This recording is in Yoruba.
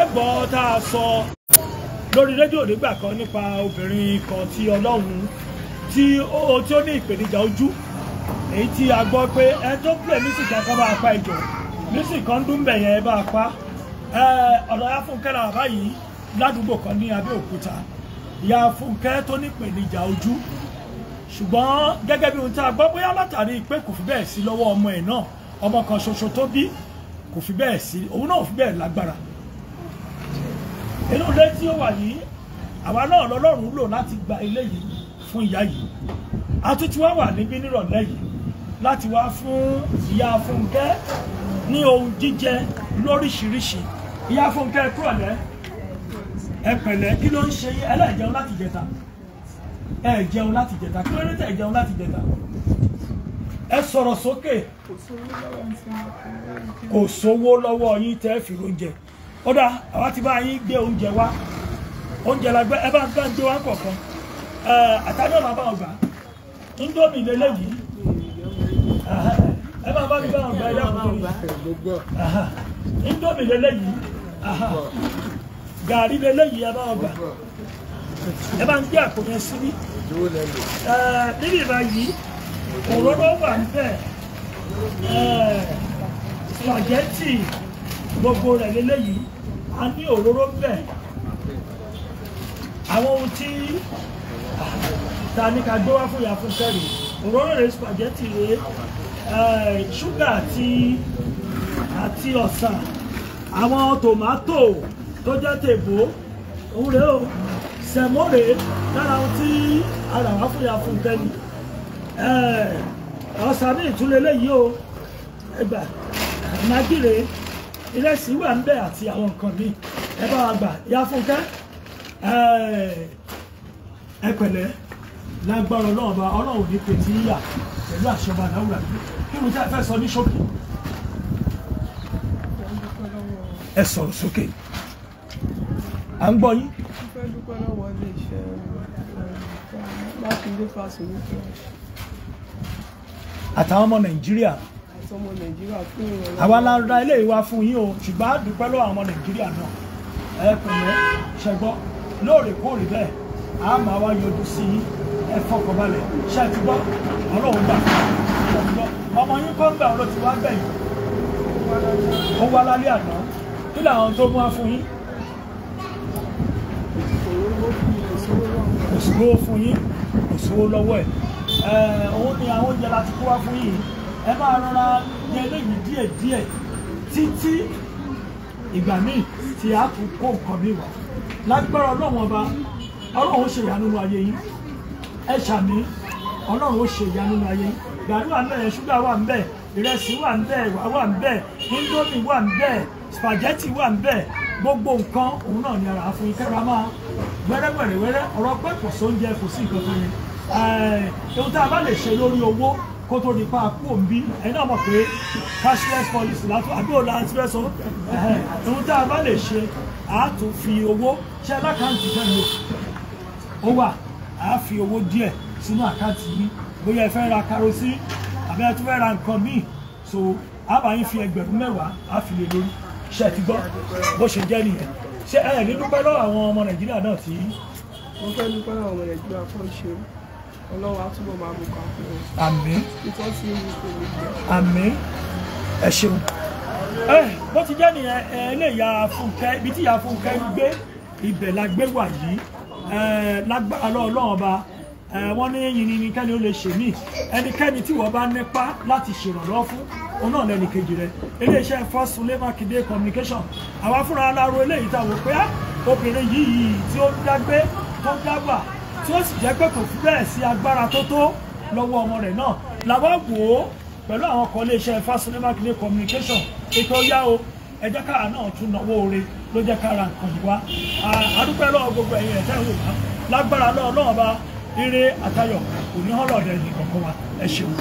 ẹgbọ́ tá a sọ lórí rédíò nígbà kan nípa obìnrin kan tí ọlọ́run tí ó tí ó ní ìpèníjà ojú èyí tí a gbọ́ pé ẹ tó pè nísì kan kan bá a pa ìjọ nísì kan ń dún bẹ̀yẹn ẹ bá a pa ọ̀dọ̀ ya fúnkẹ́ la bàbá yìí ládùúgbò kan ní Abẹ́òkúta ìyá fúnkẹ́ tó ní ìpèníjà ojú ṣùgbọ́n gẹ́gẹ́ bí ohun tí a gbọ́ bóyá látàrí pé kò fi bẹ́ẹ̀ sí lọ́wọ́ ọmọ ẹ̀ náà ọmọ kan ṣoṣo tó bí kò fi bẹ́ẹ̀ sí òun náà ò fi bẹ́ẹ̀ lágbára inú ilé tí ó wà yìí àwa náà lọ́lọ́run lò láti gba ilé yìí fún ìyá yìí àtútù wa wà níbí nírọ̀lẹ́ yìí láti wá fún ìyá Fúnkẹ́ ní ohun jíjẹ lóríṣiríṣi ìyá Fúnkẹ́ kúrọ̀lẹ́ ẹ pẹ̀lẹ́ kí ló ń ṣe yín láti jẹta ẹ láti jẹta kí ló ń tẹ̀ jẹun láti jẹta ẹ sọ̀rọ̀ sókè kò sówó lọ́wọ́ yín tẹ́ fi oúnjẹ kódà àwa ti bá yín gbé oúnjẹ wá oúnjẹ la gbé ẹ bá gbá gbé wá kọ̀ọ̀kan àtàjọ́ là bá ọgbà ńdómi lélẹ́yìí ẹ bá bá mi bá ọgbà ẹ dákun tó yìí ńdómi lélẹ́yìí gàrí lélẹ́yìí ẹ bá ọgbà ẹ bá ń gbé àpò yẹn síbí níbi ìbá yìí òróró wà níbẹ̀ spaghetti gbogbo rẹ̀ lélẹ́yìí a ní òróró bẹ̀ àwọn ohun tí ta ni. ká gbé wá fún ìyá fún kẹrì òróró rẹ̀ spaghetti rẹ̀ ṣúgà àti àti ọ̀sán àwọn tòmátò tó jẹ́ tèbó òun rèé o sẹ̀mó rèé lára ohun tí a wá fún ìyá fún kẹrì ọ̀sán mi ìtúlẹ̀ lẹ́yìí o ẹgbà magire ìrẹsì wà ń bẹ àti àwọn nǹkan mi ẹ bá wa gbà ya fúnkẹ́ ẹ pẹ̀lẹ́ lágbára ọlọ́run bá ọlọ́run ní pé tí yà pẹ̀lú àṣẹ ọba àdáwùrà kí ni tí a fẹ́ sọ ní ṣókè ẹ sọ̀rọ̀ sókè à ń gbọ́ yín. mo fẹ́ dúpẹ́ lọ́wọ́ ilé iṣẹ́ mákindé fásitì àtàwọn ọmọ nàìjíríà àwa la ra eléyìí wá fún yín o ṣùgbọ́n a dúpẹ́ lọ́wọ́ àwọn ọmọ nàìjíríà náà ẹ pẹ̀lẹ́ ṣẹgbọ́ lóòrèkóòrè bẹ́ẹ̀ a máa wá yọjú sí yín ẹ fọkànbalẹ̀ ṣe ti gbọ́ ọlọ́run gbà ṣàtúgbọ́ ọmọ yín kọ́ ń gbà ọ̀rọ̀ tí wàá gbẹ̀yìn ó wá lálẹ́ àná kí làwọn tó mú wá fún yín kò sówó fún yín kò lọ́wọ́ ẹ̀ òun eh, ni àwọn oúnjẹ láti kó wá fún yìí ẹ máa rọra jẹ eléyìí díẹ̀ díẹ̀ títí ìgbà míì tí a tún kó nǹkan míì wá lágbára ọlọ́run ọba ọlọ́run ó ṣe ìyanu nínú ayé yín ẹ ṣàmì ọlọ́run ó ṣe ìyanu nínú ayé yín gàrí wà ńbẹ̀ ṣúgà wà ńbẹ̀ ìrẹsì wà ńbẹ̀ ìwà wà ńbẹ̀ índómì wà ńbẹ̀ spaghetti wà ńbẹ̀ gbogbo nǹkan òun náà ni ara fún yín kẹ́ra máa wẹ́rẹ́wẹ́rẹ́ wẹ́rẹ́ ọ̀rọ̀ pé kò sóúnjẹ kò sí nǹkan tó yẹ ohun tá a bá lè ṣe lórí owó kó tó nípa àpò òǹbí ẹni náà mọ̀ pé cashless policy látún àbí òun láti fẹ́ sọ ohun tá a bá lè ṣe àá tún fi owó ṣe alákàntì fẹ́ lò ó wà àá fi owó díẹ̀ sínú àkáǹtì yìí bóyá ẹ fẹ́ ra karosí àbí ẹ tún fẹ́ ra nǹkan míì so a bá yín fi ẹgbẹ̀rún mẹ́wàá a fi lè lórí ṣe ti gbọ́ bó ṣe jẹ́ nìyẹn ṣé ẹ ní dúpẹ́ lọ́wọ́ àwọn ọmọ nàìjíríà náà tí. wọ́n fẹ́ dúpẹ́ lọ́wọ́ ọmọ nàìjíríà fún ìṣeré ọlọ́wà túbọ̀ máa mú kan fún wọn. àmín. ìtọ́ sí ewu kò ní jẹ. àmín ẹ ṣeun. ẹ bó ti jẹ́ nìyẹn ẹ lè ya fúnkẹ́ ibi tí ìyá fúnkẹ́ ń gbé ibẹ̀ la gbé wà yìí lágbára lọ́ọ̀lọ́ọ̀ ọba wọ́n ní yìnyín ni kẹ́ni ó lè ṣe mí ẹnikẹ́ni tí wọ́n bá nípa láti ṣèrànlọ́wọ́ fún òun náà lẹ́nu kejì rẹ̀ iléeṣẹ́ First Sule Makinde communication àwa fúnra aláró eléyìí tá a wò pé ah, obìnrin yìí tí ó dágbé tó dágbà tí ó sì jẹ́ pé kò fi bẹ́ẹ̀ sí agbára tó tó lọ́wọ́ ọmọ rẹ̀ náà làwọn wò ó pẹ̀lú àwọn kan iléeṣẹ́ fásilẹ̀ mákindé communication ètò yá o ẹ jẹ́ káà náà tún náwó oore ló jẹ́ kára nǹkan yìí wá àdúpẹ́ lọ́wọ́ gbogbo ẹ̀yin ẹ̀tẹ́ ìwò wá lágbára lọ́wọ́ náà bá eré àtayọ̀ òní hàn lọ́ọ̀dẹ̀ nìkan kan wa ẹ ṣeun.